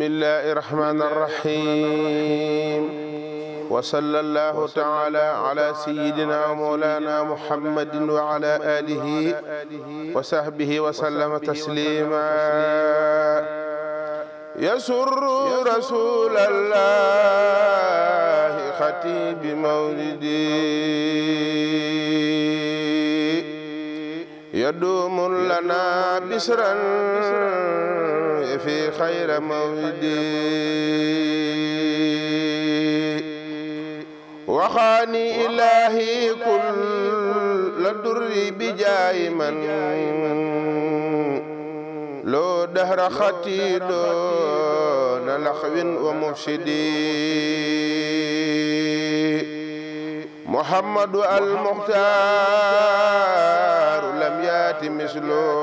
bismillahi irrahmani irrahim wa sallallahu taala ala sayidina wa mawlana muhammadin wa ala alihi wa sahbihi wa sallama taslima yasurru rasulallahi xatibi mawlidi يدوم لنا بسرا في خير مودي وخاني إلهي كل در بجاي من لو دهر ختي دون لخو ومفسدين محمد المختار لم يات مثله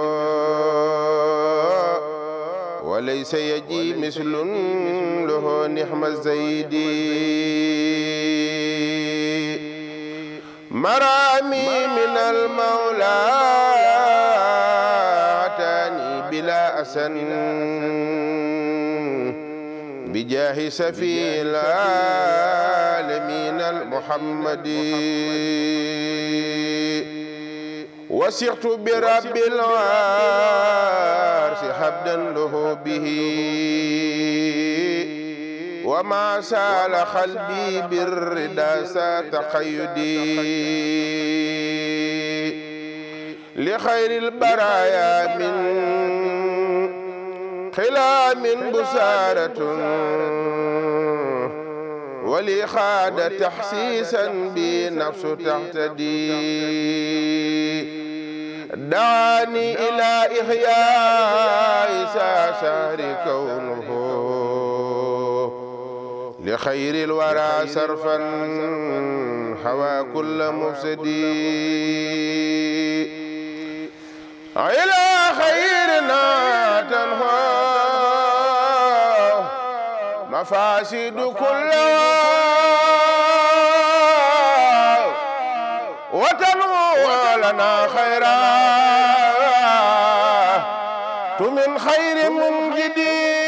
وليس يجي مثل له نحم الزيد مرامي من المولى تاني بلا أسن بجاه سفي العالمين المحمدي وسرت برب العرش حبدا له به وما سال قلبي بالرضا تقيدي لخير البرايا من خلام بسارة ولي خاد تحسيسا بنفس تهتدي دعاني إلى إحياء سهر كونه لخير الورى صرفا حوى كل مفسدي إلى خيرنا تنهار مفاسد كلها وتنمو لنا خيرا من خير منجدي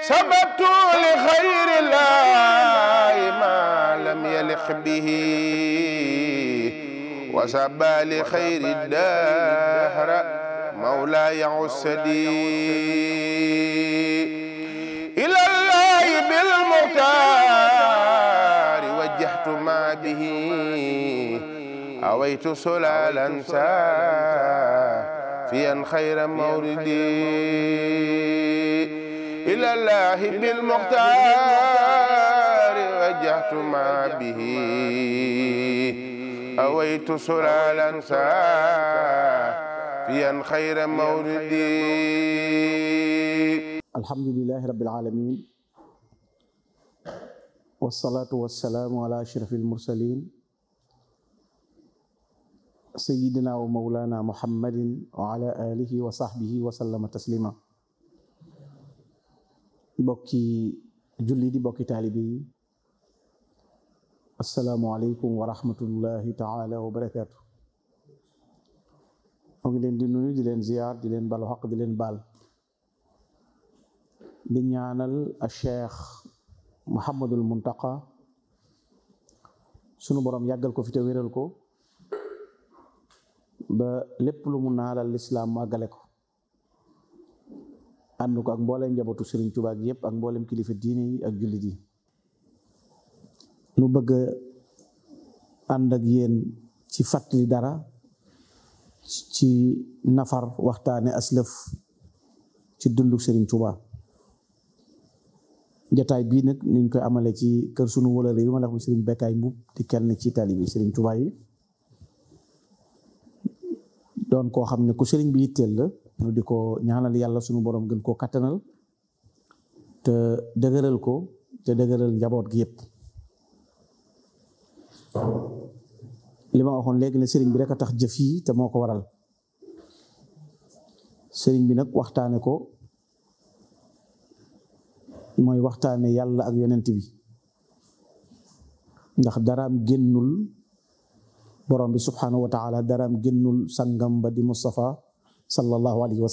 سببت لخير الله ما لم يلق به وسب لخير الدهر مولاي عسدي بالمختار وجهت ما به أويت سلالا سافيا خير موردي إلى الله بالمختار وجهت ما به أويت سلالا سافيا خير موردي الحمد لله رب العالمين wasalaatu wasalaamu ala ashraf almursalin sayidina wa maulana muhammadin wa ala alihi wa sahbihi wa sallama taslima bokki julli di bokki taalibe yi asalaamu aleykum wa rahmatullahi taala wa barakaatu mu ngi leen di nuyu di leen ziyaar di leen balu xaq di leen baal di ñaanal a cheikh muhammadul muntaqa sunu borom yàggal ko fi te wéral ko ba lépp lu mu naalal lislaam mu àggale ko ànd ko ak mbooleem njabootu Sëriñ Tuubaa ak ak mbooleem kilifa diini yi ak jullit yi nu bëgg ànd ak yéen ci fàttali dara ci nafar waxtaane aslëf ci dundu Sëriñ Tuubaa jataay bii nag niñ ko amale ci kër sunu wëlëre yi ma la wax sëriñ Bekkaay Mbub di kenn ci tali bi sëriñ Tuubaa doon koo xam ne ku sëriñ bi yitteel la ñu di ko ñaanal yàlla sunu borom gën koo kattanal te dëgëral ko te dëgëral njaboot gi yëpp li ma waxoon léegi ne sëriñ bi rek a tax jëf yi te moo ko waral sëriñ bi nag waxtaane ko mooy waxtaane yàlla ak yonent bi ndax daraam génnul borom bi subhanahu wa daraam génnul sangam ba di Mustafa sallallahu alayhi wa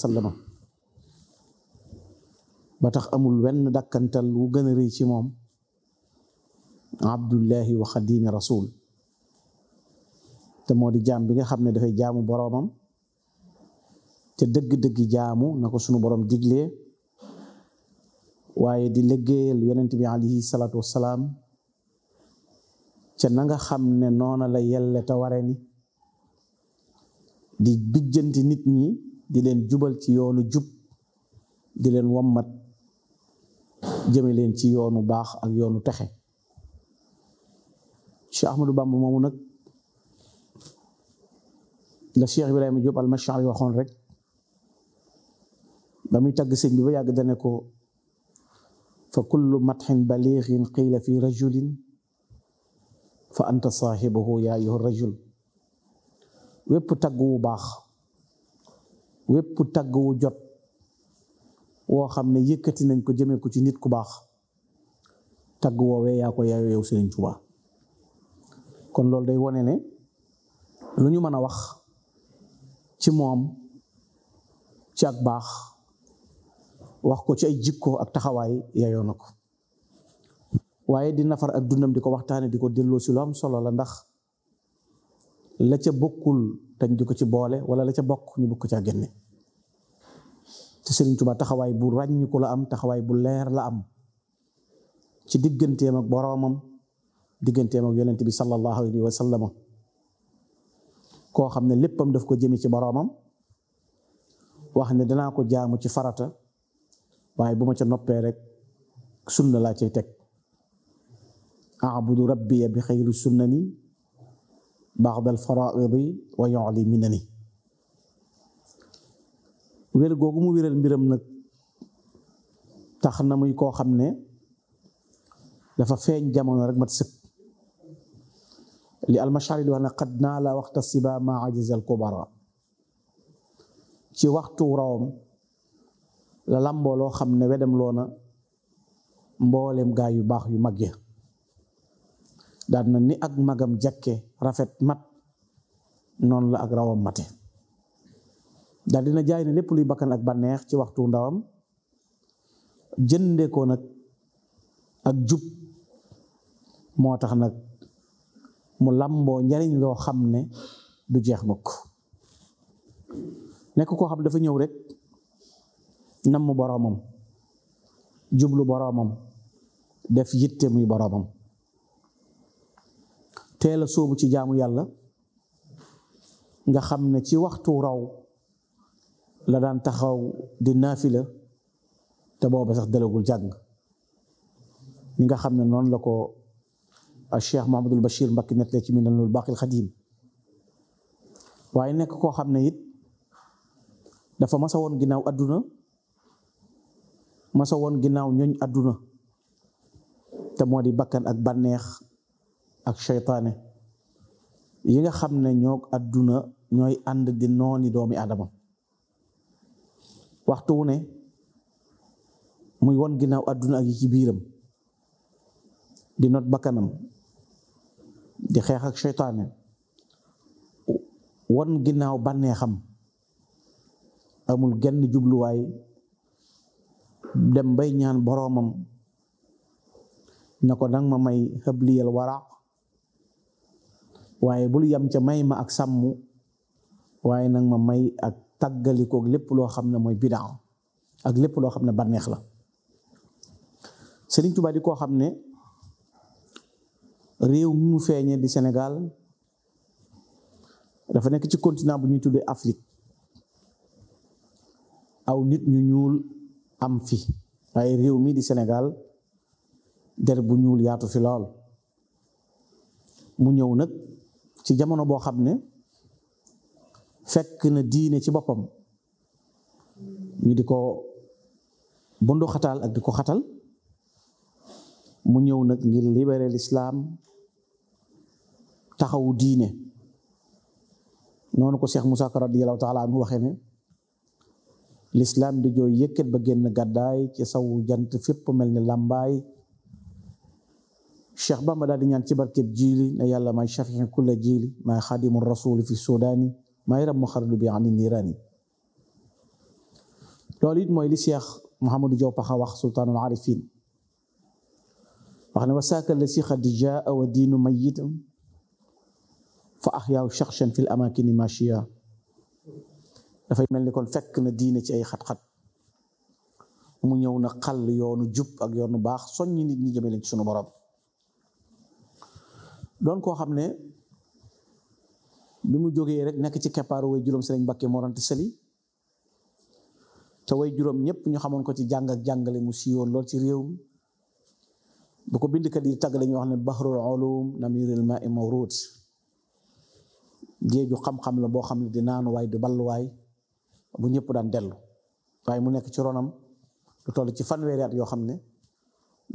ba tax amul wenn dàkkantal wu gën a rëy ci moom abdullahi wa xadimi te moo di jaam bi nga xam ne dafay jaamu boroomam te dëgg-dëgg jaamu na ko sunu boroom diglee waaye di liggéeyal yonent bi alayhi salaatu wassalaam ce nanga xam ne noona la yelle te ware ni di bijjanti nit ñi di leen jubal ci yoonu jub di leen wommat jëme leen ci yoonu baax ak yoonu texe Cheikh Ahmadou Bamba moomu nag la Cheikh Ibrahima Diop al Machari waxoon rek ba muy tagg sëñ bi ba yàgg dane ko fa kullu matxin baliixin qiila fi rajulin fa anta saaxibuhu yaa ayyuha rajul wépp tagg wu baax wépp tagg wu jot woo xam ne yëkkati nañ ko jëmee ko ci nit ku baax tagg woowee yaa ko yaayoo yow Sëriñ Tuubaa kon loolu day wone ne lu ñu mën a wax ci moom ci ak baax wax ko ci ay jikko ak taxawaay yayoo na ko waaye di nafar ak dundam di ko waxtaane di ko delloo si lu am solo la ndax la ca bokkul dañ di ko ci boole wala la ca bokk ñu bokk caa génne te Sëriñ Tuubaa taxawaay bu ràññiku la am taxawaay bu leer la am ci digganteem ak boroomam digganteem ak yonent bi sallallahu alayhi wa koo xam ne léppam daf ko jëme ci boroomam wax ne danaa ko jaamu ci farata waaye bu ma ca noppee rek sunna laa cay teg abudu rabbiya bi xayri ni ba'da al-faraa'idi wa yu'li minani wér googu mu wéral mbiram nag tax na muy koo xam ne dafa feeñ jamono rek mat sëkk li almashari di wax ne qad naa la waxta siba ma ajiz kubara ci waxtu rawam la làmboo loo xam ne wedem loo na mbooleem gaa yu baax yu mag ya daan na ni ak magam jakke rafet mat noonu la ak rawam mate daal dina jaay na lépp luy bakkan ak bànneex ci waxtu ndawam jënde ko nag ak jub moo tax nag mu làmboo njariñ loo xam ne du jeex mukk nekk koo xam dafa ñëw rek namm boroomam jublu boroomam def yitte muy boroomam teel a sóobu ci jaamu yàlla nga xam ne ci waxtu raw la daan taxaw di naafila te booba sax dalagul jàng ni nga xam ne noonu la ko Cheikh Mouhamadul Bachir Mbacke nettali ci Minanul Baqil Xadim waaye nekk koo xam ne it dafa masa woon ginnaaw masa woon ginnaaw ñooñ àdduna te moo di bakkan ak banneex ak seytaane yi nga xam ne ñoo àdduna ñooy ànd di nooni doomi adama waxtu wu ne muy won ginnaaw àdduna ak yi ci biiram di not bakkanam di xeex ak seytaane won ginnaaw bànneexam amul genn jubluwaay dem bay ñaan boroomam na ko dang ma may xëbliyal waraq waaye bul yam ca may ma ak sàmm waaye nag ma may ak tàggalikoog lépp loo xam ne mooy bidaa ak lépp loo xam ne bànneex la Sëriñ koo xam ne réew mi mu di Sénégal dafa nekk ci continent bu ñuy tuddee Afrique aw nit ñu ñuul am fi waaye réew mii di Sénégal der bu ñuul yaatu fi lool mu ñëw nag ci jamono boo xam ne fekk na diine ci boppam mi di ko bundu xataal ak di ko xatal mu ñëw nag ngir libérer l'islam taxawu diine noonu ko Cheikh Moussa Ka radiyallahu taala anhu waxee ne lislaam di jooy yëkkat ba génn gàddaay ci sawu jant fépp mel ni làmbaay Cheikh Bamba daal di ñaan ci barkeb jiili ne yàlla may shafii kulla jiili may xadimu rasuli fi sudaani may ram mu xaradu bi ani niiraani loolu it mooy li Cheikh Mouhamadou Diop Paxa wax sultaanul arifin wax ne la si xad jaa wa diinu mayitam fa axyaaw shaxsan fi l amaakini dafay mel ni kon fekk na diine ci ay xat-xat mu ñëw na xal yoonu jub ak yoonu baax soññi nit ñi jëme leen ci sunu borom doon koo xam ne bi mu jógee rek nekk ci keppaaru way juróom Sëriñ Mbàkke Morante Sëli te way juróom ñu xamoon ko ci jàng ak jàngale mu siiwoon lool ci réew mi bu ko bindkat yi tagg dañuy wax ne bahrul ulum namirul ma'i mawrud géeju xam-xam la boo xam ne di naan waay du balluwaay bu ñëpp daan dellu waaye mu nekk ci ronam lu toll ci fanweeri at yoo xam ne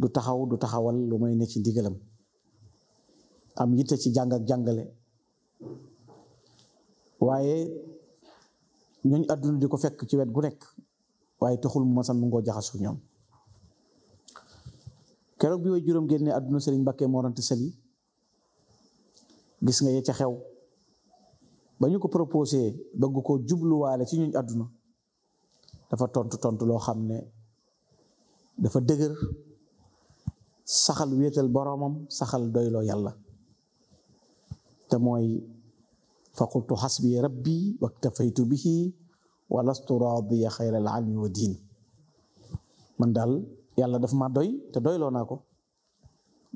du taxaw du taxawal lu may ne ci ndigalam am yitte ci jàng jàngale waaye ñooñ àdduna di ko fekk ci wet gu nekk waaye taxul mu masan mu ngoo jaxasu ñoom keroog bi way juróom génne àdduna sëriñ Mbàkke Mor Anta Sali gis nga ye ca xew ba ñu ko proposé bëgg koo jubluwaale ci ñuñ àdduna dafa tontu tontu loo xam ne dafa dëgër saxal wéetal boroomam saxal doyloo yàlla te mooy fa qultu xasbi rabbi bi bihi wa lastu raadiya xayra al almi wa diin man daal yàlla daf ma doy te doyloo naa ko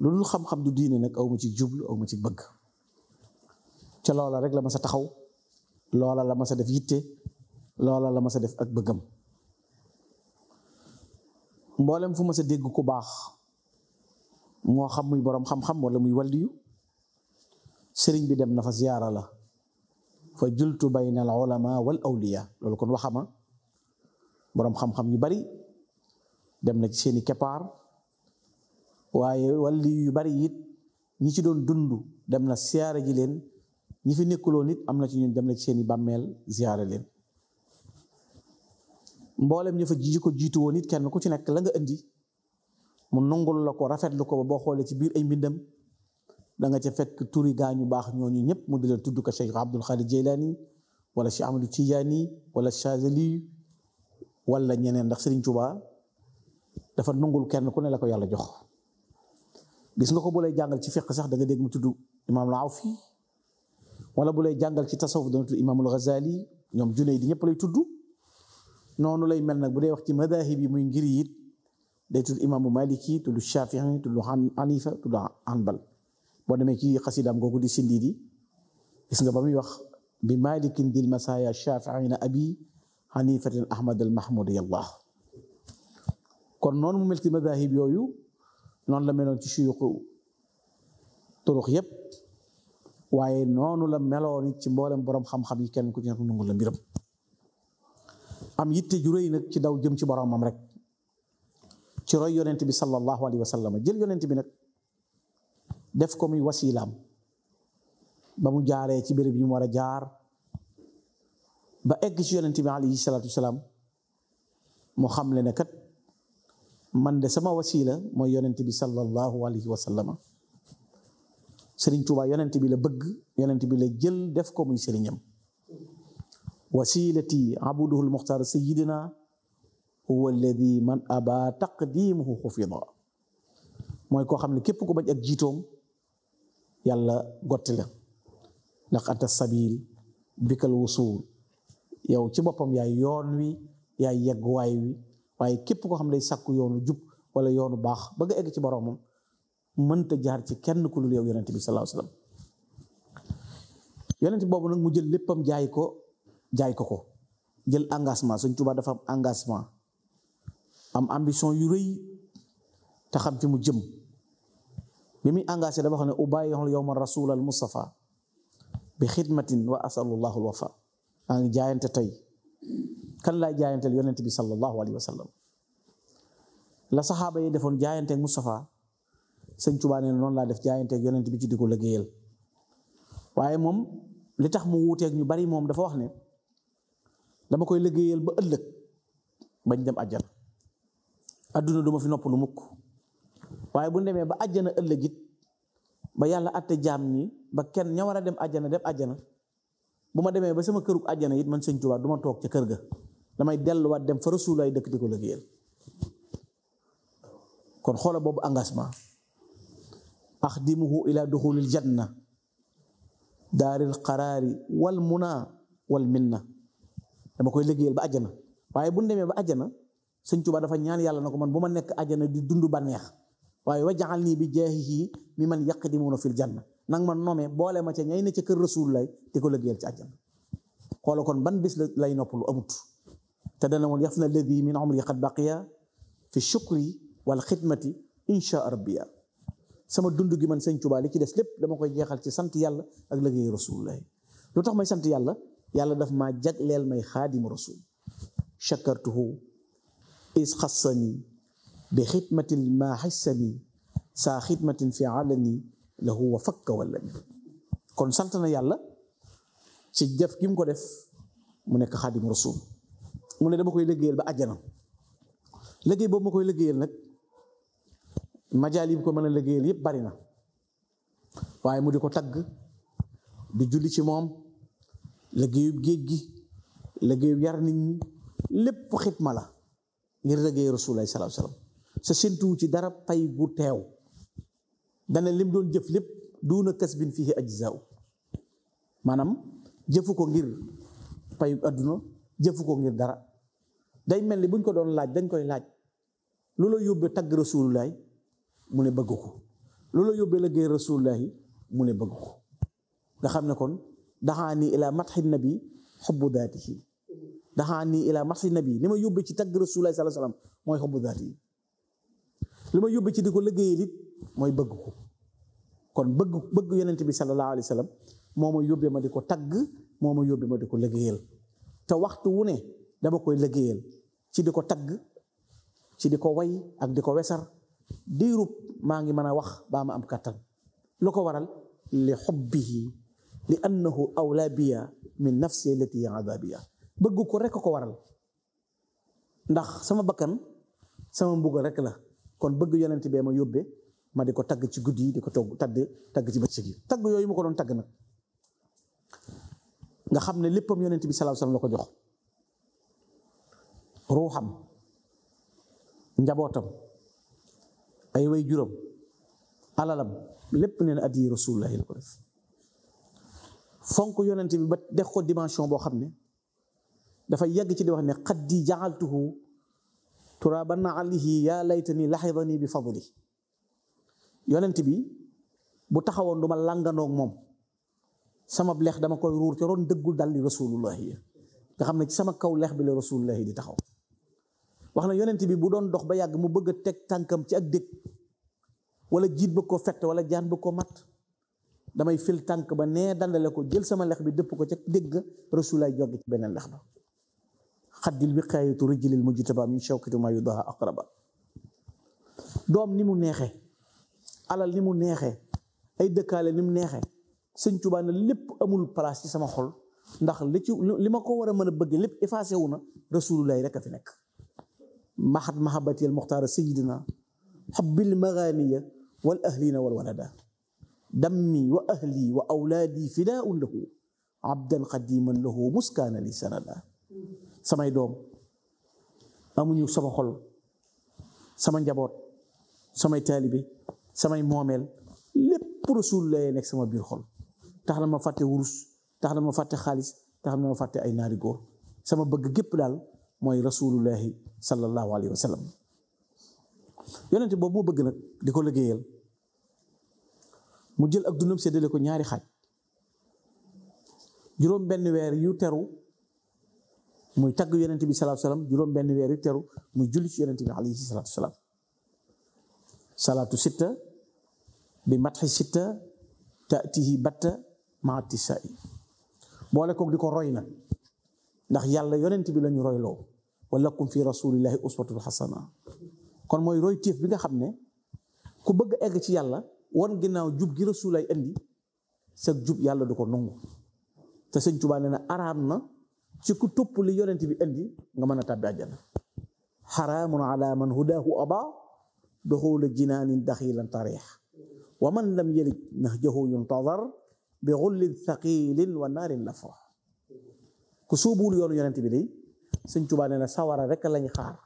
lu dul xam-xam du diine nag awma ci jublu awma ci bëgg ca loola rek la ma sa taxaw loola la ma sa def yitte loola la ma sa def ak bëggam mboolem fu ma sa dégg ku baax moo xam muy boroom xam-xam wala muy walliyu sëriñ bi dem na fa ziyaara la fa jultu bayna al ulama wal awliya loolu kon waxama boroom xam-xam yu bari dem na ci seeni keppaar waaye walliyu yu bari it ñi ci doon dundu dem na siyaara ji leen ñi fi nekk loo it am na ci ñun dem na ci seeni bàmmeel ziyaare leen mboolem ñu fa ji ko jiitu woon it kenn ku ci nekk la nga indi mu nangul la ko rafetlu ko ba boo xoolee ci biir ay mbindam danga nga ca fekk turi gaa ñu baax ñooñu ñëpp mu di tudd ko Cheikh Abdul Xaadir Jeylaani wala Cheikh Amadou Tijaani wala Chazali wala ñeneen ndax Serigne Touba dafa nangul kenn ku ne la ko yàlla jox gis nga ko bu lay jàngal ci fiq sax da nga dégg mu tudd wala bu lay jàngal ci tasawuf dana tudd imaamul Ghazali ñoom junne di ñëpp lay tudd noonu lay mel nag bu dee wax ci madahib yi muy ngir it day tudd imaamu Maliki tudd Shafi'i tudd Hanifa tudd Hanbal boo demee ci xasidaam googu di Sindidi gis nga ba muy wax bi malikin dil masaya Shafi'ina abi Hanifatin Ahmad al Mahmudi Allah kon noonu mu mel ci yooyu noonu la meloon ci suyuxu turux yëpp. waaye noonu la meloon it ci mboolem boroom xam-xam yi kenn ku ci nekk nangu la mbiram am yitte ju rëy nag ci daw jëm ci boromam rek ci roy yonent bi sallallahu alayhi wa sallam jël yonent bi nag def ko muy wasilaam ba mu jaaree ci béréb yi mu war a jaar ba egg ci yonent bi alayhi xam le ne kat man de sama wasila mooy yonent bi sallallahu alayhi wa sallam sëriñ Tuubaa yonent bi la bëgg yonent bi la jël def ko muy sëriñam wasilati abuduhul muxtaar sayidina huwa bi man aba taqdimuhu xufida mooy koo xam ne képp ko bañ ak jiitoom yàlla gotti la ndax anta sabil bikal wusuul yow ci boppam yaay yoon wi yaay yegg waay wi waaye képp koo xam ne day sàkku yoonu jub wala yoonu baax bëgg egg ci boroomam mënta jaar ci kenn ku dul yow yonent bi sallallahu alayhi wasallam yonent boobu nag mu jël léppam jaay ko jaay ko ko jël engagement Sëñ Tuubaa dafa am engagement am ambition yu rëy te xam fi mu jëm bi muy engagé dafa xam ne ubayyihul yawma rasul al mustafa bi xidmatin wa asalullahu al wafa maa ngi jaayante tey kan laay jaayanteel yonent bi sallallahu alayhi wa sallam la saxaaba yi defoon jaayanteeg Mustafa sëñ Tuubaa nee noonu laa def jaayanteeg yonent bi ci di ko liggéeyal waaye moom li tax mu wuuteeg ñu bari moom dafa wax ne dama koy liggéeyal ba ëllëg bañ dem àjjana adduna duma fi nopp lu mukk waaye bu demee ba àjjana ëllëg it ba yàlla atte jaam ñi ba kenn ña war a dem àjjana dem àjjana bu ma demee ba sama këru àjjana it man sëñ Tuubaa du ma toog ca kër ga damay delluwaat dem fa Rasuul dëkk di ko liggéeyal kon xoola boobu engagement axdimuhu ila duxulil janna daaril qaraari wal munaa wal minna dama koy liggéeyal ba àjjana waaye bu ñu ba àjjana sëñ Tuubaa dafa ñaan yàlla na ko man bu ma nekk àjjana di dund bànneex waaye wajaxal nii bi jaahihi mi man yaqdimuuna fi janna nan man noome boole ma ca ñay ne ca kër rasul lay di ko liggéeyal ci àjjana xoola kon ban bis lay noppalu amut te dana woon yaf na ladi min umri qad baqiya fi shukri wal xidmati insha rabbiya sama dund gi man sëñ Tuubaa li ci des lépp dama koy jeexal ci sant yàlla ak liggéey rasulullah lu tax may sant yàlla yàlla daf maa jagleel may xaadimu rasul shakartuhu is xassani bi xidmatin ma xissani saa xidmatin fi alani nii wa fakka wallani kon sant na yàlla ci jëf gi ko def mu nekk xaadimu rasul mu ne dama koy liggéeyal ba àjjana liggéey boobu ma koy liggéeyal nag majaal yi ko mën a liggéeyal yépp bari na waaye mu di ko tagg du julli ci moom liggéeyub géej gi liggéeyub yar nit ñi lépp ma la ngir liggéey rasulullahi sallallahu alayhi wasallam sa séntuwu ci dara pay gu teew dana lim doon jëf lépp du duuna kasbin fihi ajzaaw maanaam jëfu ko ngir payu àdduna jëfu ko ngir dara day mel ni buñ ko doon laaj dañ koy laaj loolu yóbbee tagg rasulullahi mu ne bëgg ko loolu yóbbee la géey rasulullahi mu ne bëgg ko nga xam ne kon daxaa nii ilaa matxi nabi xubbu daatihi daxaa nii ilaa matxi nabi li ma yóbbee ci tagg rasulullahi sallallahu alayhi wa sallam mooy li ma yóbbee ci di ko liggéeyal it mooy bëgg ko kon bëgg bëgg yenent bi sallallahu alayhi wa moo ma yóbbee ma di ko tagg moo ma yóbbee ma di ko liggéeyal te waxtu wu ne dama koy liggéeyal ci di ko tagg ci di ko way ak di ko wesar diirub maa ngi mën a wax baa ma am kattan lu ko waral li xubbihi li annahu awlaa biya min nafsi allati adabiya bëgg ko rek ko waral ndax sama bakkan sama mbugal rek la kon bëgg yonent bee ma yóbbe ma di ko tagg ci guddi di ko togg tagg tagg ci bëccëg yi tagg yooyu ma ko doon tagg nag nga xam ne léppam yonent bi salaaw salaam la ko jox ruuxam njabootam ay way juróom alalam lépp nee na addi rasulullahi la ko def fonk yonent bi ba dex ko dimension boo xam ne dafa yàgg ci di wax ne ba jaaltuhu turaban alihi yaa laytani laxidani bi fadli yonent bi bu taxawoon du ma lànganoog moom sama leex dama koy ruur ca dal di dalli rasulullahi nga xam ne ci sama kaw leex bi la rasulullahi di taxaw wax na yonent bi bu doon dox ba yàgg mu bëgg a teg tànkam ci ak dëkk wala jiit ba ko fett wala jaan ba ko mat damay fil tànk ba nee dandale ko jël sama lex bi dëpp ko ca dégg rasulaay joggi ci beneen lex ba xaddil bi xaayatu rijlil mujtaba min shawkati ma yudaha aqraba doom ni mu neexe alal ni mu neexe ay dëkkaale ni mu neexe sëñ Tuubaa ne lépp amul place ci sama xol ndax li ci li ma ko war a mën a bëgg lépp effacé wu na rasulullaay rek a fi nekk maxat mahabbati al muxtaara sayidina xubbil magaaniya wal ahlina wal walada dammi wa ahli wa awlaadi fidaaun lahu abdan xadiman lahu muskaana li sanada samay doom amuñu sama xol sama njaboot samay taalibe samay moomeel lépp rasul lay nekk sama biir xol tax na ma fàtte wurus tax na ma fàtte xaalis tax na ma fàtte ay naari góor sama bëgg gépp daal mooy rasulullahi sallallahu alayhi wa sallam yonente moo bëgg nag di ko liggéeyal mu jël ak dundam séddale ko ñaari xaaj juróom weer yu teru muy tagg yonente bi salaatu salaam juróom benn teru muy julli ci yonente bi alayhi salaatu salaam salaatu sitta bi matxi sitta taatihi batta maati saa boole koog di ko roy na ndax yàlla yonent bi lañu royloo walakum fi rasulillahi uswatun xasana kon mooy roy téef bi nga xam ne ku bëgg egg ci yàlla wan ginnaaw jub gi rasulaay indi sag jub yàlla du ko nangu te sëñ Tuubaa nee na araam na ci ku topp li yonent bi indi nga mën a tàbbi àjjana xaraamun ala man hudaahu abaa duxuula jinaanin daxiilan tariix wa man lam yalij nahjahu yuntazar bi xullin thaqiilin wa naarin lafa ku sóobuwul yoonu yonent bi day sëñ Tuubaa nee na sawara rek lañuy xaar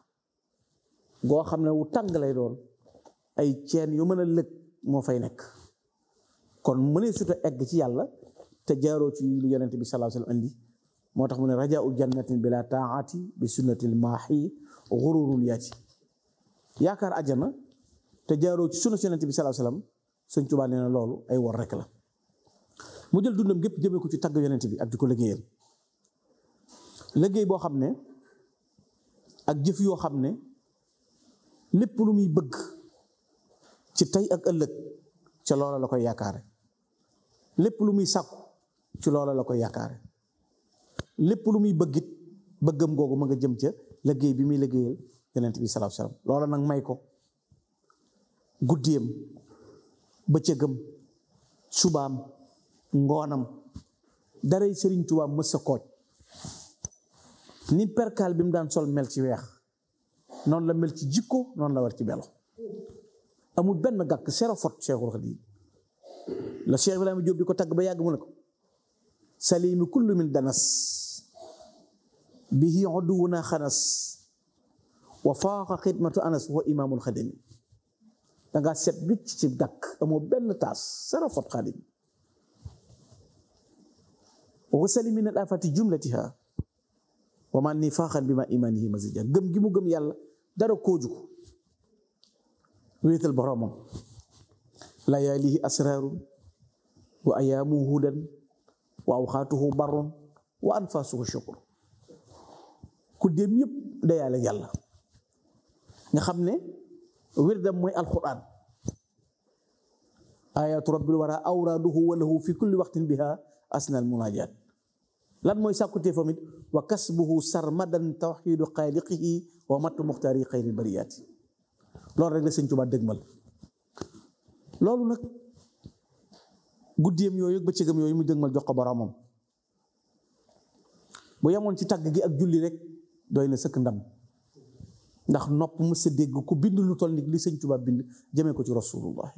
boo xam ne wu tàng lay doon ay ceen yu mën a lëg moo fay nekk kon mënee suta egg ci yàlla te jaaroo ci lu yonent bi sallallahu alayhi wasallam andi moo tax mu ne rajaau jannatin bila taati bi sunnatil maahi xururul yaati yaakaar àjjana te jaaroo ci sunna yonent bi sallallahu alayhi wasallam sëñ Tuubaa nee na loolu ay wor rek la mu jël dundam gépp jëmee ko ci tagg yonent bi ak di ko liggéeyal liggéey boo xam ne ak jëf yoo xam ne lépp lu muy bëgg ci tey ak ëllëg ci loola la koy yaakaare lépp lu muy sàkku ci loola la koy yaakaare lépp lu muy bëggit bëggam googu ma nga jëm ca liggéey bi muy liggéeyal yonent bi sallallahu alayhi wasallam loola nag may ko guddiyam bëccëgam subaam ngoonam daray Sëriñ Tuubaa mës sa kooj ni perkaal bi mu daan sol mel ci weex noonu la mel ci jikko noonu la war ci belo amul benn gàkk sero fot Cheikhul Khadim la Cheikh Ibrahima Diop di ko tagg ba yàgg mu ne ko salimi kullu min danas bihi oduwuna xanas wa faaxa xidmatu anas wa imaamul xadimi dangaa set wicc ci gàkk amoo benn taas sero fot xadim wa salimi nal afati jumlatiha wa man nifaaxan bi ma imaanihi mazija gëm gi mu gëm yàlla dara kooju ko wéetal layaalihi asraarun wa ayaamuhu hudan wa awxaatuhu barrun wa anfaasuhu shukur ku dem yëpp dayaale yàlla nga xam ne wirdam mooy alquran ayaatu rabbil wara awraaduhu wa lahu fi kulli waqtin biha asnal munaajaat lan mooy sàkkutee fa mit wa kasbuhu sarmadan tawxidu xaaliqihi wa matu muxtaari xayri bariyaati loolu rek la sëñ Tuubaa dëgmal loolu nag guddeem yooyu bëccëgam yooyu mu dëgmal jox ko boromam bu yemoon ci tàgg gi ak julli rek doy na sëkk ndam ndax nopp mës a dégg ku bind lu toll ni li sëñ Tuubaa bind jëmee ko ci rasulullah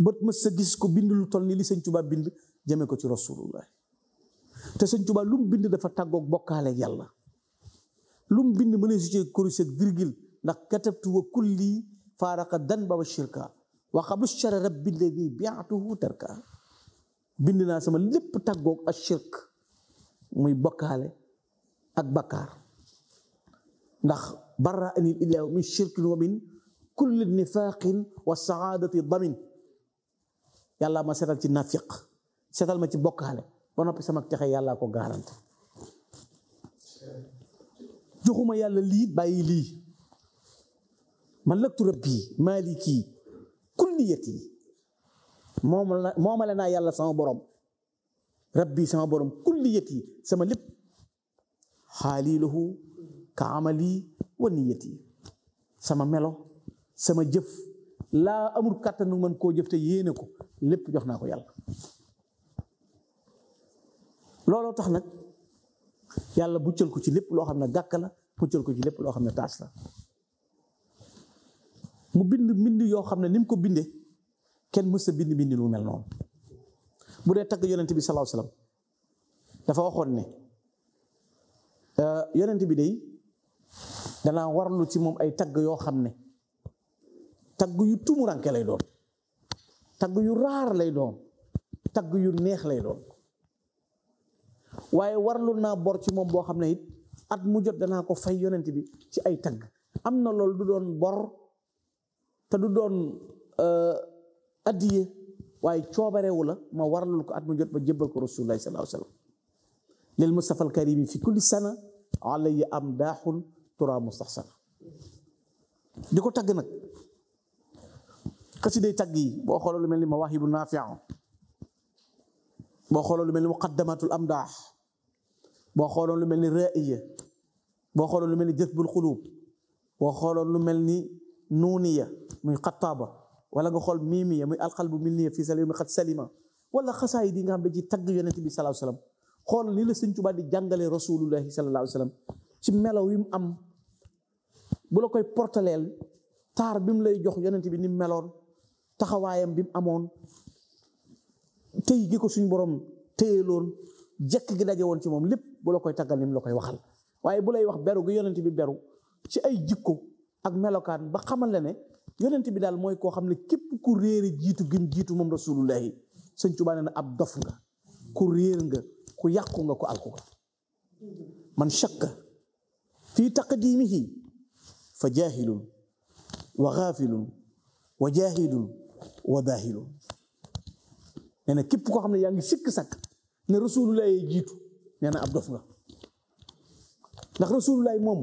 bët mës gis ku bind lu toll ni sëñ Tuubaa bind jëmee ko ci rasulullah te sëñ Tuubaa lu mu bind dafa tàggoog bokkaale yàlla lu mu bind mën a su cee koris ak virgule ndax katabtu wa kulli faaraqa danba wa shirka wa qablu shara rabbi alladi biatuhu tarka bind naa sama lépp tàggoog ak shirk muy bokkaale ak bakkaar ndax barraani l ilaahu min shirkin wa min kulli nifaaqin wa saadati damin yàlla ma setal ci nafiq setal ma ci bokkaale ba noppi sama texe yàllaa ko garanti joxuma yàlla lii bàyyi lii man malaktu rabbi maliki moom moomale naa yàlla sama borom rabbi sama borom kulliyati sama lépp xaali lahu ka amali wa niyati sama melo sama jëf laa amul kàttanu mën koo jëf te ko lépp jox naa ko yàlla looloo tax nag yàlla buccal ko ci lépp loo xam ne gàkk la buccal ko ci lépp loo xam ne taas la mu bind mbind yoo xam ne ni mu ko bindee kenn mës a bind mbind lu mel noonu bu dee tagg yonent bi salaahu salaam dafa waxoon ne euh, yonent bi day danaa warlu ci moom ay tagg yoo xam ne tagg yu tumuranke lay doon tagg yu raar lay doon tagg yu neex lay doon waaye warlu naa bor ci moom boo xam ne it at mu jot danaa ko fay yonent bi ci ay tagg am na loolu du doon bor te du doon euh, addiye waaye coobarewu la ma warlul ko at mu jot ba jébbal ko rasulullahi sallallahu alayhi wa sallam lil mustafa al karimi fi kulli sana alayya am daaxun tura mustaxsana di ko tagg nag xasiday tag yi boo xooloo lu mel ni mawaahibu naafi'a boo xooloon lu mel ni muqaddamatul amdaax boo xooloon lu mel ni raiya boo xooloon lu mel ni jësbul xulub boo xooloon lu mel ni nuuniya muy xattaaba wala nga xool miimiya muy alqalbu minniya fii salima muy xat salima wala xasaay di nga xam ne ci tagg yonent bi salaahu salaam xool ni la sëñ Tuubaa di jàngale rasulullahi salaahu salaam ci melaw yi mu am bu la koy portaleel taar bi mu lay jox yonent bi ni mu meloon taxawaayam bi mu amoon tey gi ko suñ borom téye loon jekk gi daje woon ci moom lépp bu la koy tàggal ni mu la koy waxal waaye bu lay wax beru gi yonent bi beru ci ay jikko ak melokaan ba xamal la ne yonent bi daal mooy koo xam ne képp ku réere jiitu gim jiitu moom rasulullahi sëñ Tuubaa nee na ab dof nga ku réer nga ku yàqu nga ku alku nga man shakka fii taqdimihi fa jaahilun wa gaafilun wa jaahilun wa daahilun nee na képp koo xam ne yaa ngi sikk sakk ne rasulullah yi jiitu nee na ab dos nga ndax rasulullah moom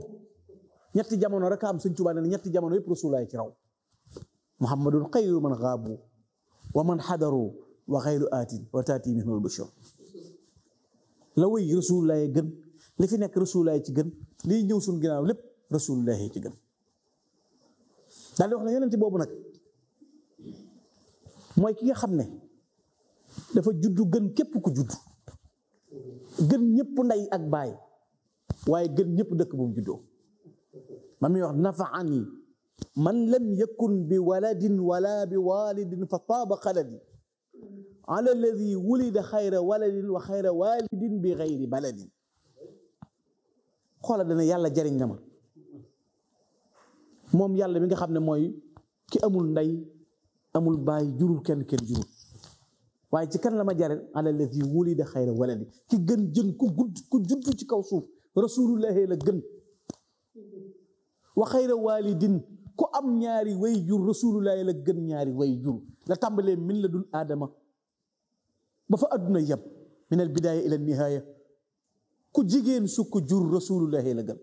ñetti jamono rek a am sëñ Tuubaa nee na ñetti jamono yëpp rasulullah ci raw muhammadun xayru man xaabu wa man xadaru wa xayru aatin wa taati minhu al-bushra la wéy rasulullah gën li fi nekk rasulullah yi ci gën lii ñëw suñ ginaaw lépp rasulullah yi ci gën daal di wax ne yonent boobu nag mooy ki nga xam ne dafa juddu gën képp ku juddu gën ñëpp ndey ak baay waaye gën ñëpp dëkk bu mu juddoo man mi wax nafaani man lam yakun bi waladin wala bi walidin fa taaba xaladi ala alladi wulida xayra waladin wa xayra walidin bi xayri baladin dana yàlla jariñ na ma moom yàlla mi nga xam ne mooy ki amul ndey amul baay jurul kenn kenn jurul waaye ci kan la ma jaral ala lazi wulida xayra waladi ki gën jën ku gudd ku ci kaw suuf rasulullahi la gën wa xayra walidin ku am ñaari way jur rasulullahi la gën ñaari way jur la tàmbalee min la dul aadama ba fa adduna yab min al bidaaya ila nihaaya ku jigéen su ko jur rasulullahi la gën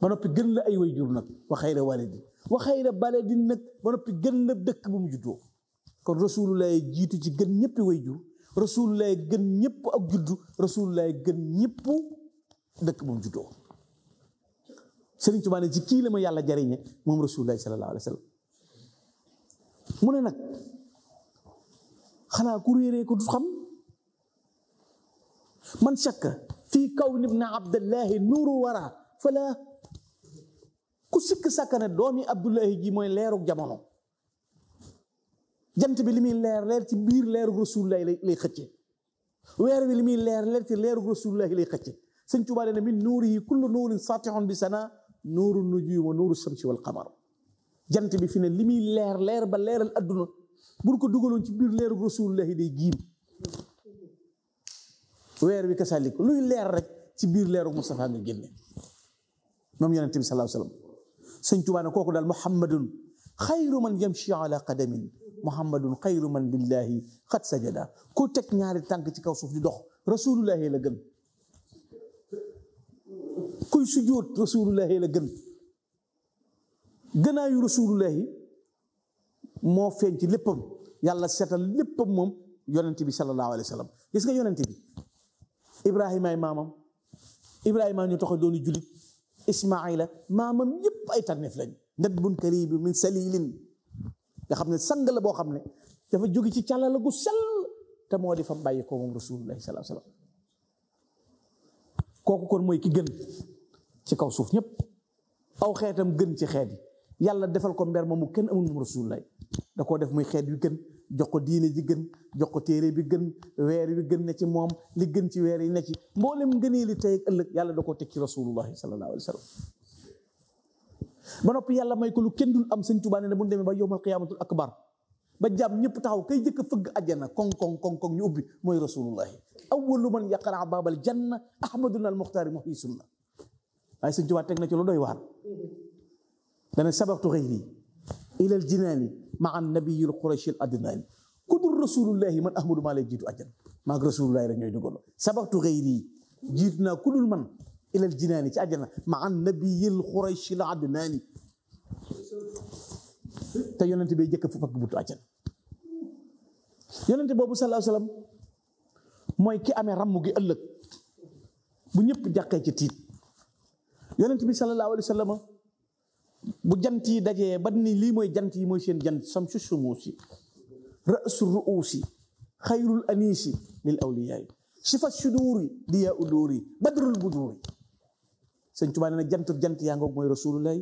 ba noppi gën la ay way jur nag wa xayra walidin wa xayra baladin nag ba noppi gën la dëkk bu mu juddoo kon rasulullah jiitu ci gën ñëpp wayjur rasulullah gën ñëpp ak juddu rasulullah gën ñëpp dëkk moom juddoo Sëriñ Tuubaa ne ci kii la ma yàlla jariñe moom rasulullah sallallahu alayhi wa ne nag xanaa ku réeree ko xam man shakka fii kawni ibn abdallahi nuuru wara fala ku sikk sàkka ne doomi abdullahi ji mooy leeruk jamono jant bi li muy leer leer ci biir leerug rasulullahi lay xëcce weer wi li muy leer leer ci leerug rasulullahi lay xëcce sëñ Tuubaa nee na min nuurihi kullu nuurin saatixun bi sana nuuru nujum wa nuuru samsi wal qamar jant bi fi ne li muy leer leer ba leeral adduna bul ko dugaloon ci biir leerug rasulullahi day giim weer wi kasalik luy leer rek ci biir leerug Mustafa nga génne moom yonente bi sallallahu alayhi wa sallam sëñ Tuubaa ne kooku daal Muhammadun xayru man yamshi ala qadamin muhammadun xayru man lillahi xat sajada ku teg ñaari tànk ci kaw suuf di dox rasulullahi la gën kuy sujjóot rasulullahi la gën gënaayu rasulullahi moo feeñ ci léppam yàlla setal léppam moom yonent bi sallallahu alayhi wa is gis nga yonent bi ibrahima ay maamam ibrahima ñu tax doonu julit ismaila maamam yépp ay tànneef lañ bi mu min salilin nga xam ne sang la boo xam ne dafa jóge ci càllala gu sell te moo di fa bàyyi ko moom rasulullahi sallallahu alayhi kooku kon mooy ki gën ci kaw suuf ñëpp aw xeetam gën ci xeet yàlla defal ko mber moomu kenn amul moom rasulullahi da koo def muy xeet yu gën jox ko diine ji gën jox ko téere bi gën weer wi gën ne ci moom li gën ci weer yi ne ci mboolem ngënee li tey ëllëg yàlla da koo teg ci rasulullahi sallallahu alayhi wasallam ba noppi yàlla may ko kenn dul am sëñ Tuubaa ne bu ñu demee ba yowmal qiyaamatul akbar ba jàmm ñëpp taxaw kay jëkk a fëgg àjjana koŋ koŋ koŋ koŋ ñu ubbi mooy rasulullahi awwalu man yaqara baabal janna ahmaduna al muxtaari muhyi sunna waaye sëñ Tuubaa teg na ci lu doy waar dana sabaqtu xayri ila al jinaani maa nabiyi al qurashi al adnaani ku dul rasulullahi man ahmadu maa lay jiitu àjjana maag rasulullahi rek ñooy dugal sabaqtu xayri jiitu naa ku dul ilal jinaani ci àjjana maa nabiyil xurayshi la adnaani te yonente bi jëkk fu fakk butu àjjana yonente boobu sallallahu alayhi mooy ki ame ràmm gi ëllëg bu ñëpp jàqee ci tiit yonente bi sallallahu alayhi bu jant yi dajee ba ni lii mooy jant yi mooy seen jant samsu sumuusi ra'su ru'uusi xayrul aniisi lil awliyaay sifa suduuri diyaa uduuri badrul buduuri sëñ Tuubaa nee na jantub jant yaa ngoog mooy rasulullah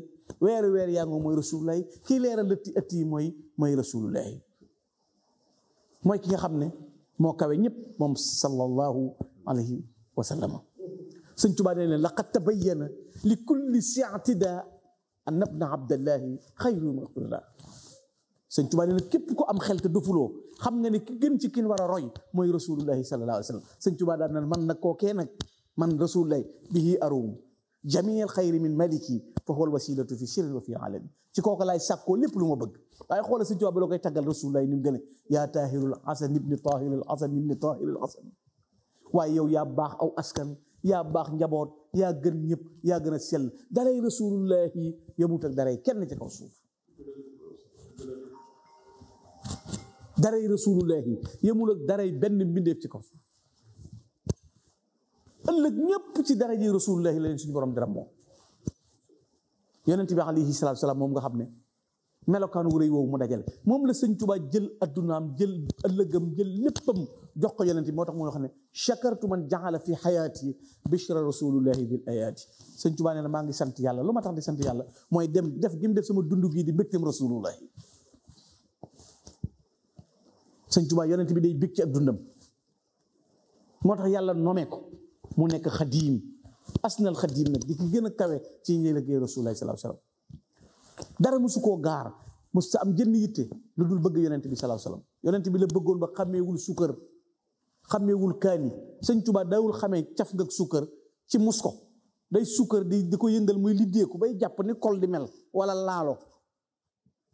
weer weer yaa ngoog mooy rasulullah kii leeral lëtti ëtt mooy mooy rasulullah mooy ki nga xam ne moo kawe ñëpp moom sallallahu alayhi wa sallam sëñ Tuubaa nee na laqad tabayyana li kulli si'tida an ibna abdallahi xayru maxluqillah sëñ Tuubaa képp ku am xel te dofuloo xam nga ne ki gën ci kin war roy mooy rasulullah sallallahu alayhi wa sallam sëñ Tuubaa daan na man nag kookee nag man rasulullah bihi arum jamii al xayri min maliki fa huwa al wasilatu fi sirri wa fi alani ci kooku laay sàkkoo lépp lu ma bëgg waaye xoola si tubaab bi la koy tàggal rasulullah ni mu gën a yaa tahirul asan ibni tahirul asan ibni tahirul asan waaye yow yaa baax aw askan yaa baax njaboot yaa gën ñëpp yaa gën a sell daray rasulullahi yemut ak daray kenn ci kaw suuf daray rasulullahi yemul ak daray benn mbindeef ci kaw suuf ëllëg ñëpp ci daraje rasulullahi la leen suñu borom di rammoo yonent bi alayhi salaatu salaam moom nga xam ne melokaan wu rëy woowu mu dajale moom la sëñ Tuubaa jël addunaam jël ëllëgam jël léppam jox ko yonent bi moo tax mu wax ne chakartu man jaala fi xayaati bishra rasulullahi bil ayaati sëñ Tuubaa nee na maa ngi sant yàlla lu ma tax di sant yàlla mooy dem def gi def sama dund gii di mbégteem rasulullahi sëñ Tuubaa yonent bi day bég ci ak moo tax yàlla nomee ko mu nekk xadiim asnal xadiim nag di ki gën a kawe ci ñi liggéey rasulullahi sallallahu alayhi dara musu koo gaar musu am jënn yitte lu dul bëgg yonent bi sallallahu alayhi yonent bi la bëggoon ba xàmmeewul sukkër xàmmeewul kaani sëñ Tuubaa daawul xamee caf nga sukkër ci mus ko day sukkër di di ko yëngal muy ko bay jàpp ni kol di mel wala laalo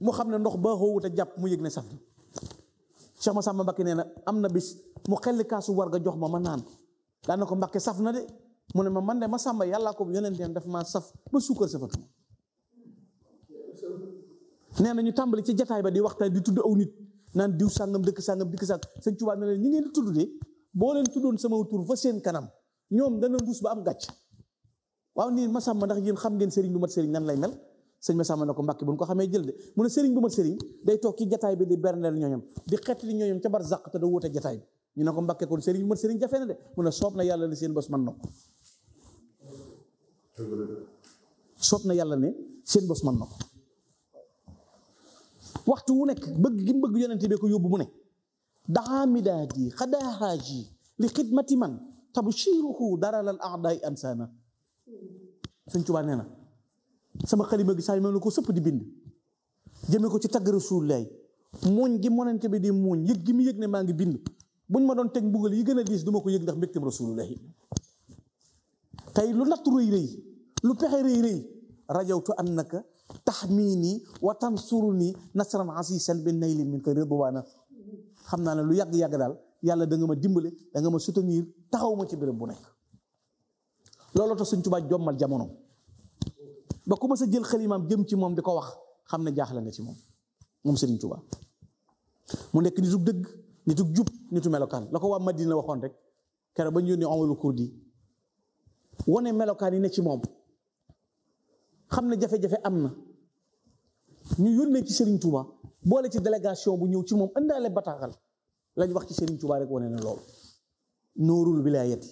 mu xam ne ndox baaxoo wut jàpp mu yëg ne saf na sax Massamba Mbacké nee na am na bis mu xelli kaasu ga jox ma ma naan daan na ko mbakke saf na de mu ne ma man de ma sàmma yàllaa ko bu yonenteem def maa saf ba suukar safatuma nee na ñu tàmbali ci jataay ba di waxtaan di tudd aw nit naan diw sàngam dëkk sàngam dëkk sàngam sëñ Tuubaa ne leen ñi ngeen di tudd de boo leen sama tur fa seen kanam ñoom dana ruus ba am gàcc waaw nii Masamba ndax yéen xam ngeen sëriñ bu mat sëriñ nan lay mel sëñ Masamba na ko mbàkki bu ñu ko xamee jël de mu ne sëriñ bu mat sëriñ day toog ci jataay bi di berndeel ñooñam di xettali ñooñam ca barzaq te da wóote ñu ne ko Mbàkke kon sëriñ bu mat jafe na de mu ne soob na yàlla ne seen bos man na ko soob na yàlla ne seen bos man na ko waxtu wu nekk bëgg gi bëgg yonent bi ko yóbbu mu ne daxaa midaadi xadaa xaaji li xidmati man tabshiruhu daralal aadaay ansaana sëñ Tuubaa nee na sama xalima gi saa yi ne ko sëpp di bind jëme ko ci tagg Rasuulullaah mooñ gi monente bi di mooñ yëg gi mu yëg ne maa ngi bind bu ñu ma doon teg mbugal yi gën a diis du ma ko yëg ndax mbégtam rasulullahi tey lu natt rëy rëy lu pexe rëy rëy rajawtu annaka taxmiini wa tansuruni nasran asisan bi nayli min ka ridwaana xam naa ne lu yàgg yàgg daal yàlla da nga ma dimbale da nga ma soutenir taxaw ma ci béréb bu nekk looloo tax Sëñ Tuubaa jommal jamono ba ku ma sa jël xalimaam jëm ci moom di ko wax xam ne jaaxle nga ci moom moom Sëriñ Tuubaa mu nekk nitu dëgg. nitu jub nitu melokaan la ko waa Madina waxoon rek keroog ba ñu yónnee Omarul Kurdi wane melokaan yi ne ci moom xam na jafe-jafe am na ñu yónnee ci sëriñ tuba boole ci délégation bu ñëw ci moom indaale bataaxal lañ wax ci Serigne Touba rek wone na loolu. nuurul wilaayati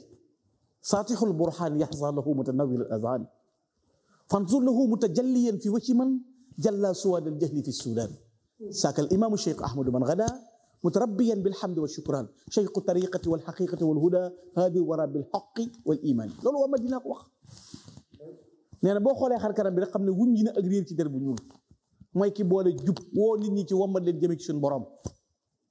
saatixul burhaan yaxza lahu mutanawil al azaan fanzur lahu mutajalliyan fi wacci man jalla suwaad al jahli fi sudan saaka al imaamu Cheikh Ahmadu man gada متربيا بالحمد والشكران شيخ الطريقة والحقيقة والهدى هادي wara بالحق والإيمان loolu waa Madina ko wax nee na boo xoolee xar kanam bi rek xam ne wuñ na ak réer ci der bu ñuul mooy ki boole jub woo nit ñi ci wambat leen jëme ci suñu borom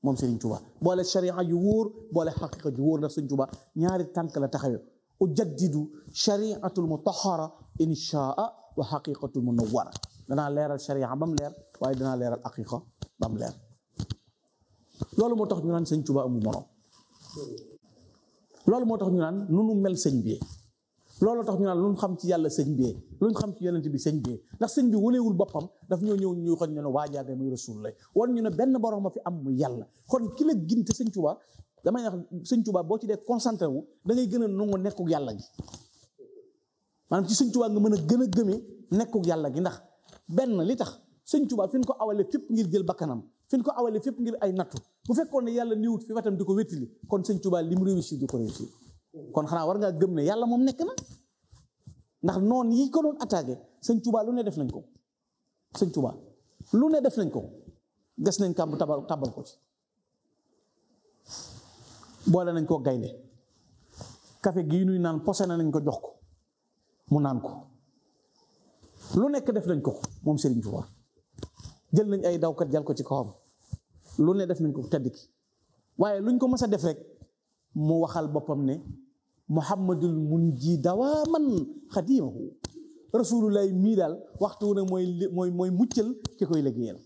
moom Serigne Touba boole sharia ju wóor boole xaqiqa ju wóor na Serigne Touba ñaari tànk la taxawee ujaddidu shariatul mutahara inshaa wa xaqiqatul munawwara danaa leeral sharia ba mu leer waaye danaa leeral xaqiqa ba mu leer loolu moo tax ñu naan sëñ Tuubaa amul morom loolu moo tax ñu nu nu mel sëñ bi looloo tax ñu naan lu ñu xam ci yàlla sëñ bi lu ñu xam ci yonent bi sëñ bi ndax sëñ bi waneewul boppam daf ñoo ñëw ñëw xool ñu ne waa jaage muy rasul la wan ñu ne benn borom a fi am muy yàlla kon ki la ginte sëñ Tuubaa damay wax sëñ Tuubaa boo ci dee concentré wu da ngay gën a nangu yàlla gi maanaam ci sëñ Tuubaa nga mën a gën a gëmee nekkuk yàlla gi ndax benn li tax sëñ Tuubaa fi ko awale fépp ngir jël bakkanam fi ko awale fépp ngir ay nattu bu fekkoon ne yàlla niwut fi wetam di ko wétali kon sëñ Tuubaa li mu réussir di ko réussir kon xanaa war ngaa gëm ne yàlla moom nekk na ndax noon yi ko doon attaqué sëñ Tuubaa lu ne def nañ ko sëñ lu ne def nañ ko gas nañ kàmb tabal tabal ko ci boole nañ ko gaynde kafe gi nuy naan pose posé nañ ko jox ko mu naan ko lu nekk def nañ ko moom Sëriñ Tuubaa jël nañ ay dawkat jal ko ci kawam lu ne def nañ ko tedd ki waaye luñ ko mës a def rek mu waxal boppam ne muhammadul mun jii dawaa man xadimahu rasulullah mii daal waxtu ne mooy mooy mooy muccal ki koy liggéeyal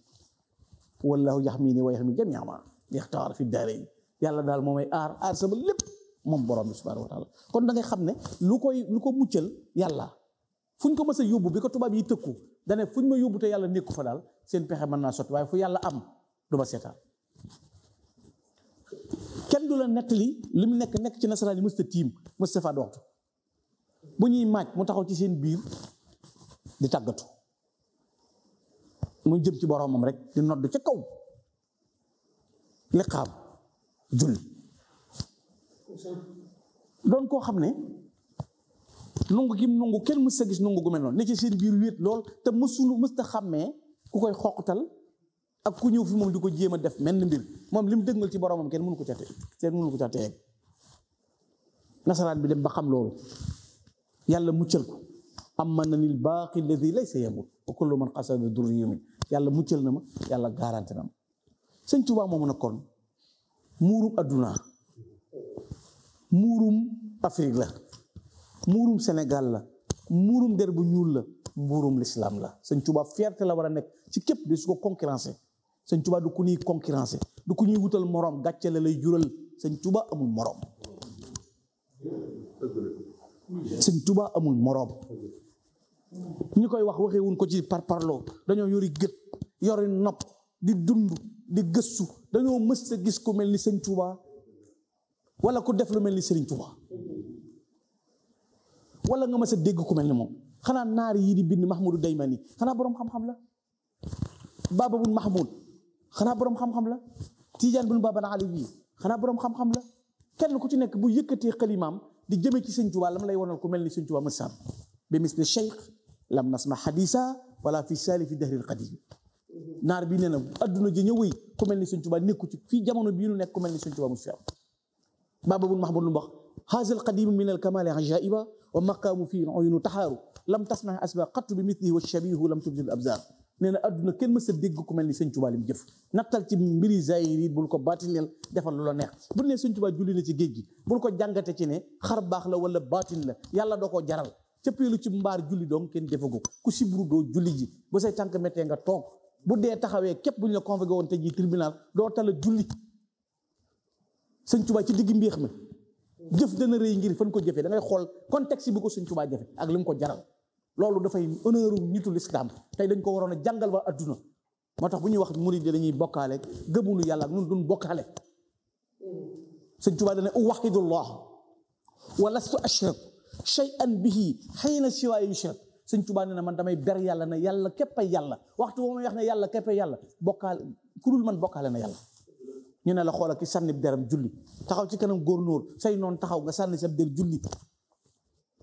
wallahu yaxmii ni wa yaxmi jamia ma yaxtaar fi daarayn yàlla daal moomay aar aar sama lépp moom borom bi subhanahu wa taala kon da ngay xam ne lu koy lu ko muccal yàlla fu ñu ko mës a yóbbu bi ko tubaab yi tëkku dane fu ñu ma yóbbu te yàlla nekku fa daal seen pexe mën naa sotti waaye fu yàlla am du ma seetaan kenn du la nettali li mu nekk nekk ci nasaraan yi mësta tiim mësta faa doxtu bu ñuy maaj mu taxaw ci seen biir di tàggatu muy jëm ci boromam rek di noddu ca kaw liqaam julli doon koo xam ne nungu gi nungu kenn mës a gis nungu gu mel noonu ne seen biir wéet lool te mësunu mësta xàmmee ku koy xoqtal ak ku ñëw fi moom di ko jéem a def menn mbir moom li mu dëgmal ci boromam kenn mënu ko cate kenn mënu ko cate nasaraan bi dem ba xam loolu yàlla muccal ko amma na lil baaqi alladi laysa yamut wa kullu man qasada dur yumin yàlla muccal na ma yàlla garanti na ma sëñ Tuubaa moomu na kon muurum adduna muurum Afrique la muurum Sénégal la muurum der ñuul la muurum lislaam la sëñ Tuubaa fierté la war a nekk ci képp di su ko concurrencer sëñ Tuba du ku ñuy concurrencé du ku ñuy wutal moroom gàcce la lay jural sëñ Tuba amul moroom sëñ amul moroom ñu koy wax waxee ko ci par dañoo yori gët yori nopp di dund di gëstu dañoo mës a gis ku mel ni sëñ Tuba wala ku def lu mel ni sëriñ Tuba wala nga mës dégg ku mel ni moom xanaa naar yii di bind Mahmoudou Daymani xanaa boroom xam-xam la Bababu Mahmoud xanaa borom xam-xam la Tijaan bu Baabal Ali bii xanaa borom xam-xam la kenn ku ci nekk bu yëkkatee xalimaam di jëmee ci Sëñ Tuubaa lam lay wanal ku mel ni Sëñ Tuubaa mës saam bi misli cheikh lam nasma xadisa wala fi saali fi dahril qadim naar bi nee na adduna ji ñëwee ku mel ni Sëñ Tuubaa nekku ci fii jamono bii nu nekk ku mel ni Sëñ Tuubaa mës saam baaba bu Mahmoud lu mu wax haza alqadimu min alkamali ajaiba wa maqaamu fii uyunu taxaaru lam tasma asba qattu bi mithlihi wa shabihu lam tubdil abzaar nee na àdduna kenn mës dégg ku mel ni sëñ Tuubaa li mu jëf nattal ci mbiri zahir yi bul ko baatineel defal lu la neex bu ne sëñ Tuubaa julli na ci géej gi bul ko jàngate ci ne xar baax la wala baatin la yàlla doo ko jaral cëppeelu ci mbaar julli doom kenn defagu ku sibru doo julli ji ba say tànk méttee nga toog bu dee taxawee képp bu ñu la convoqué woon te ji tribunal doo tala julli sëñ Tuubaa ci digg mbéex mi jëf dana rëy ngir fan ko jëfee da xool contexte bi ko sëñ Tuubaa jëfe ak li mu ko jaral loolu dafay honneur u nitu lislaam tey dañ ko waroon a jàngal waa adduna moo tax bu ñuy wax murid yi dañuy bokkaale gëmuñu yàlla ak ñun duñ bokkaale sëñ Tuubaa dana uwaxidullah wa lastu ashrak shay'an bihi xëyna siwaa yushrak sëñ Tuubaa nee na man damay ber yàlla na yàlla képp ay yàlla waxtu boo may yàlla képp yàlla bokkaale ku dul man bokkaale na yàlla ñu ne la xoola ki sànni deram julli taxaw ci kanam góor nóor say noonu taxaw nga sànni sa der julli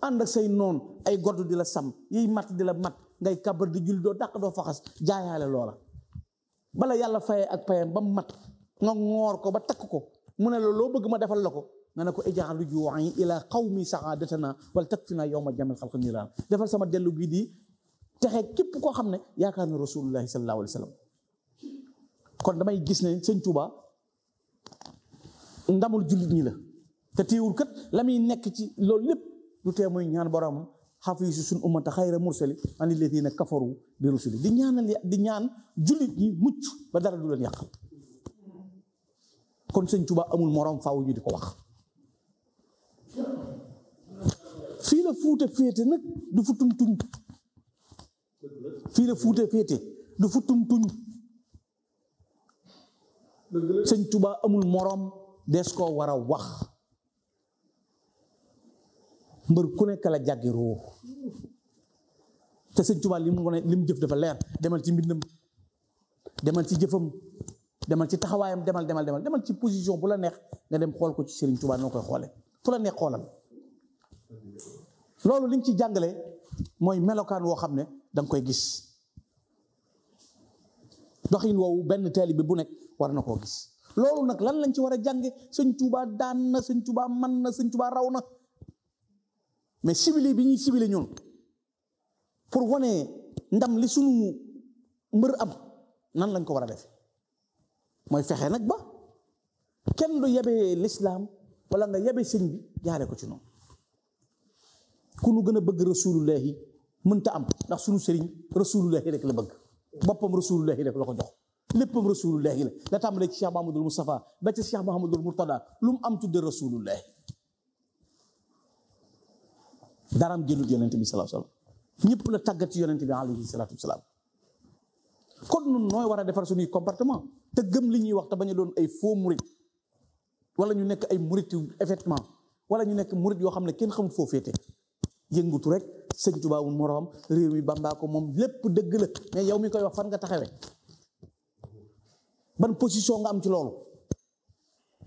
ànd ak say noon ay godd di la sam yiy mat di la mat ngay kabar di julli doo dàq doo faxas jaayaale loola bala yàlla faye ak payam ba mat nga ngoor ko ba takk ko mu ne la loo bëgg ma defal la ko nga ne ko ijaan rujuwaani ilaa qawmi saadatana wala takfina yowma jamil xalq niiraan defal sama dellu gii di texe képp koo xam ne yaakaar na rasulullahi sallallahu alayhi wa sallam kon damay gis ne sëñ Tuuba ndamul jullit ñi la te téewul kat la muy nekk ci loolu lépp du tee ñaan borom xafiisu suñ ummata xayra mursali ani ladina kafaru bi rusuli di ñaanal di ñaan jullit ñi mucc ba dara du leen yàq kon sëñ Tuubaa amul morom faaw ñu di ko wax fii la fuute féete nag du fu tuñ fuute féete du fu tuñ tuñ amul morom des koo war a wax mbër ku nekk la jàggi ruux te sëñ Tuubaa li mu jëf dafa leer demal ci mbindam demal ci jëfam demal ci taxawaayam demal demal demal demal ci position bu la neex nga dem xool ko ci Serigne Touba noo koy xoole fu la neex loolu li ñu ci jàngale mooy melokaan woo xam ne da koy gis doxin woowu benn taalibe bu nekk war na koo gis nag lan lañ ci war a jànge Sëñ Touba daan Sëñ Touba man na Sëñ Touba raw na mais ciblé bi ñuy ciblé ñun pour wane ndam li sunu mbër am nan lañ ko war a def mooy fexe nag ba kenn du yebee lislaam wala nga yebee sëñ bi jaare ko ci noonu ku gën a bëgg rasulullahi mënta am ndax sunu sëriñ rasulullahi rek la bëgg boppam rasulullahi rek la ko jox léppam rasulullahi la la tàmbalee ci Cheikh Mahamadul Moustapha ba ci Cheikh Mahamadul Murtada lu mu am tudde rasulullahi daraam génnul yonent bi salaahu salaam ñëpp la tàggat ci yonent bi alayhi salaatu wasalaam kon nun nooy war a defar suñuy comportement te gëm li ñuy wax te bañ doon ay foo murit wala ñu nekk ay murit yu effectivement wala ñu nekk murit yoo xam ne kenn xamul foo féete yëngutu rek sëñ Tuubaa wu moroom réew mi Bàmbaa ko moom lépp dëgg la mais yow mi koy wax fan nga taxawee ban position nga am ci loolu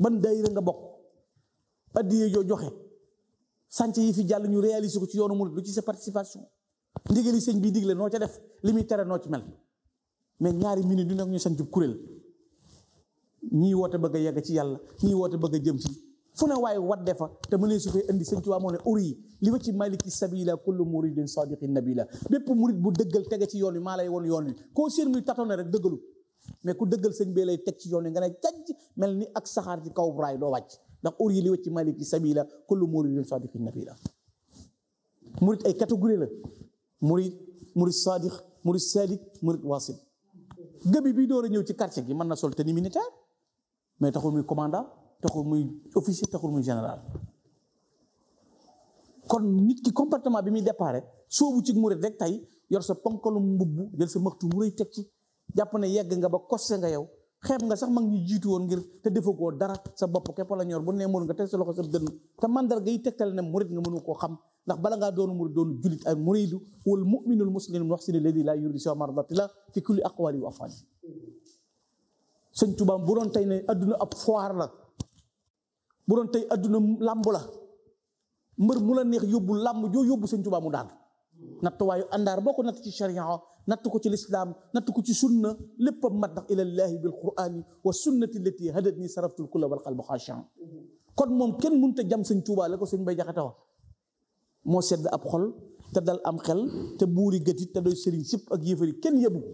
ban daayira nga bokk addiye yoo joxe sànc yi fi jàll ñu réaliser ko ci yoonu murid lu ci sa participation ndigali sëñ bi digle noo ca def li muy tere noo ci mel mais ñaari minute du nekk ñu sañ sanc kuréel ñii woote bëgg a yegg ci yàlla ñii woote bëgg a jëm si fu ne waaye wadde fa te mu ne su fee indi sëñ Tuubaa moo ne uri li wa ci maliki sabila kullu muridin sadiqin nabila bépp murid bu dëggal tege ci yoon wi maa lay woon yoon wi koo seen muy tatone rek dëggalu mais ku dëggal sëñ bee lay teg ci yoon wi nga ne jajj mel ni ak saxaar ci kaw braay doo wàcc ndax ur yi li wacci maliki sabila kullu muridin sadiqin nabila mu ay catégorie la murid murid sadiq murid salik murid bi door a ñëw ci quartier gi mën na sol te ni militaire mais taxul muy commandant taxul muy officier taxul muy général kon nit ki comportement bi muy déparé soobu ci mu rek tey yor sa ponkalum mbubb jël sa maxtu mu rëy teg ci jàpp na yegg nga ba kosse nga yow xeeb nga sax mag ngi jiitu woon ngir te defagoo dara sa bopp képp la ñor bu nee mën nga teg sa loxo sa dënn te mandar ngay tegtale ne murit nga mënu koo xam ndax bala nga doon murit doon julit ak muridu wal muminul muslim waxsini ladi laa yuridu siwa mardati la fi kulli aqwali wa afani sëñ tubaam bu doon tey ne àdduna ab foire la bu doon tey adduna làmb la mbër mu la neex yóbbu làmb joo yóbbu sëñ tubaam mu daan nattuwaayu àndaar boo ko natt ci sharia natt ko ci lislaam natt ko ci sunna lépp a mat ndax ilallaahi bil qurani wa sunnati lati hadat ni saraftul kulla wal qalbu xaashian kon moom kenn mënut a jam sëñ Tuubaa la ko sëñ Bay Jaxate wax moo sedd ab xol te dal am xel te buuri gëtit te doy sëriñ sipp ak yëfari kenn yëbu ko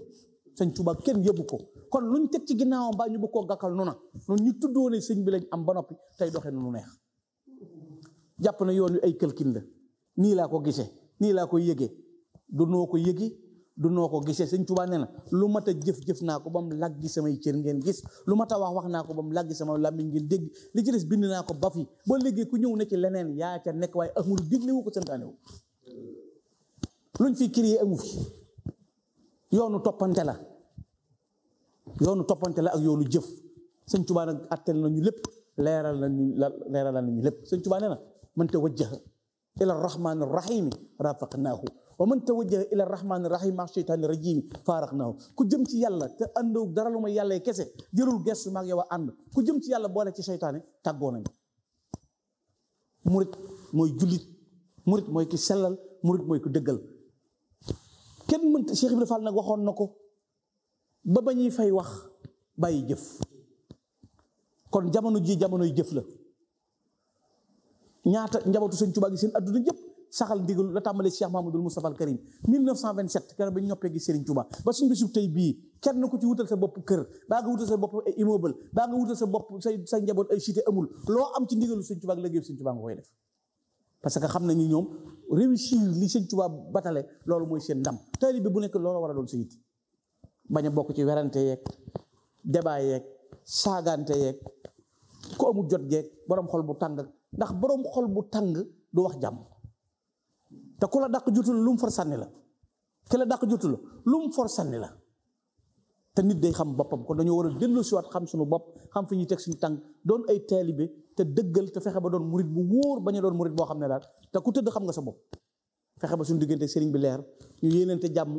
sëñ Tuubaa kenn yëbu ko kon lu ñu teg ci ginnaawam baa ñu bëgg koo gàkkal nu na ñu tuddoo ne sëñ bi lañ am ba noppi tey doxee nu neex jàpp yoon wi ay këlkin nii laa ko gisee nii laa koy yëgee du noo ko yëgi du noo ko gisee sëñ Tuubaa nee na lu mat a jëf-jëf naa ko ba mu laggi samay cër ngeen gis lu mat a wax wax naa ko ba mu làggi sama làmmiñ ngeen dégg li ci des bind naa ko ba fi ba léegi ku ñëw ne ci leneen yaa ca nekk waaye amul digle wu ko santaane wu luñ fi créé amu fi yoonu toppante la yoonu toppante la ak yoonu jëf sëñ Tuubaa nag lépp leeral nañu leeral lépp sëñ Tuubaa nee na mënta wajjaha ila rahmaani rahimi rafaqnaahu wa man tawajjaha ila rahmaani rahim maa sheytaani rajimi faaraqnaahu ku jëm ci yàlla te àndoo dara lu may yàlla kese jërul gestu maa ngi wax ànd ku jëm ci yàlla boole ci seytaane tàggoo nañu murit mooy jullit murit mooy ki sellal murit mooy ki dëggal kenn mënta Cheikh Ibrahima Fall nag waxoon na ko ba ba ñuy fay wax bàyyi jëf kon jamono ji jamonoy jëf la ñaata njabootu sëñ Tuubaa gi seen adduna yëpp saxal ndigal la tàmbalee Cheikh Mahamadul Moustapha al Karim 1927 keroog ba ñu noppee gi Serigne Touba ba suñu bisub tey bii kenn ku ci wutal sa bopp kër baa nga wutal sa bopp ay immeuble baa nga wutal sa bopp say sa njaboot ay cité amul loo am ci ndigalu sëñ Touba ak liggéeyu sëñ parce que xam nañu ñoom réussir li sëñ Touba batale loolu mooy seen ndam taalibe bu nekk loolu war a doon sa yitt bañ a bokk ci werante yeeg débat yeeg saagante yeeg ku amul jot geeg borom xol bu tàng ndax boroom xol bu tàng du wax jàmm te ku la dàq jotul lu mu for la ki la jotul lu mu for sànni la te nit day xam boppam kon dañoo war a dellu siwaat xam sunu bopp xam fi ñu teg suñu tànk doon ay taalibe te dëggal te fexe ba doon murit bu wóor bañ a doon murit boo xam ne daal te ku tëdd xam nga sa bopp fexe ba suñu diggante sëriñ bi leer ñu yéenante jàmm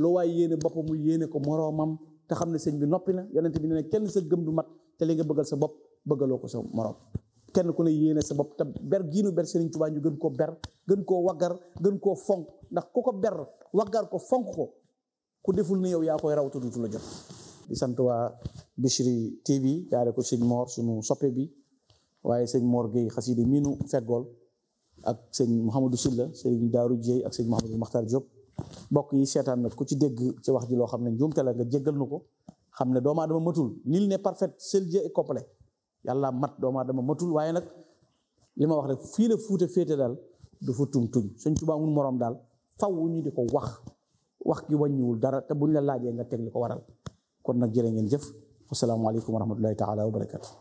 lu waaye yéene boppam mu yéene ko moroomam te xam ne sëñ bi noppi na yonent bi ne kenn sa gëm du mat te li nga bëggal sa bopp bëggaloo ko sa moroom kenn ku ne yéene sa bopp te ber giinu ber Serigne Touba ñu gën koo ber gën koo waggar gën koo fonk ndax ku ko ber waggar ko fonk ko ku deful ni yow yaa koy raw tudd la jot. di sant waa Bichri TV jaare ko sëñ Mor sunu soppee bi waaye sëñ Mor Guèye xaside miinu feggool ak sëñ Mouhamadou Silla sëñ Daaru Dieye ak sëñ Mouhamadou Makhtar Diop. mbokk yi seetaan nag ku ci dégg ci wax ji loo xam ne njuumte la nga jéggal nu ko xam ne doomu aadama matul nul n'est parfait seul Dieu est yàlla mat doomu aadama matul waaye nag li ma wax rek fii la fuute féete daal du fa tum tuñ sëñ Tuubaa amul moroom daal faw ñu di ko wax wax gi wàññiwul dara te buñ la laajee nga tegle ko waral kon nag jërë ngeen jëf asalaamaaleykum wa rahmatullahi taala wa barakatu